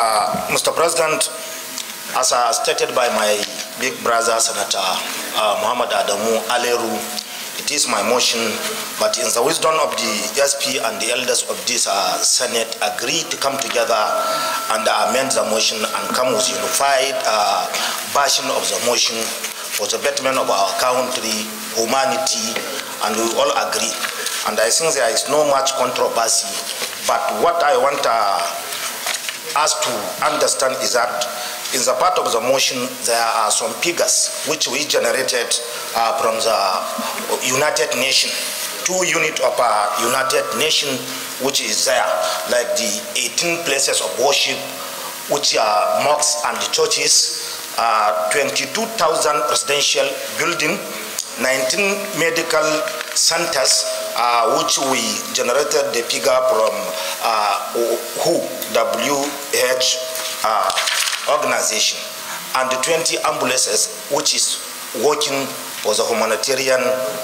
Uh, Mr. President, as I stated by my big brother, Senator uh, Muhammad Adamu Aleru, it is my motion, but in the wisdom of the SP and the elders of this uh, Senate agreed to come together and amend the motion and come with unified uh, version of the motion for the betterment of our country, humanity, and we all agree. And I think there is no much controversy, but what I want uh, us to understand is that in the part of the motion there are some figures which we generated uh, from the United Nations, two unit of United Nations which is there, like the 18 places of worship which are mosques and churches, uh, 22,000 residential building, 19 medical centers uh, which we generated the figure from uh, WHO uh, organization and 20 ambulances which is working for the humanitarian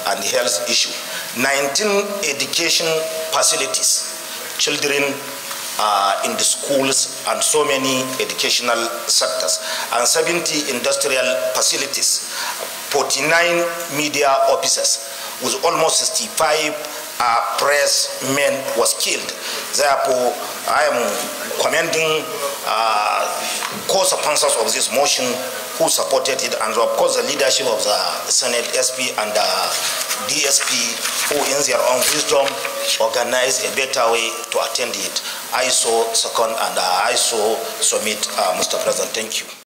and health issue. 19 education facilities, children uh, in the schools and so many educational sectors, and 70 industrial facilities, 49 media offices, with almost 65 uh, press men was killed. Therefore, I am commending uh, co-sponsors of this motion who supported it and of course the leadership of the Senate SP and the DSP who in their own wisdom organized a better way to attend it. I so second and uh, I so submit, uh, Mr. President. Thank you.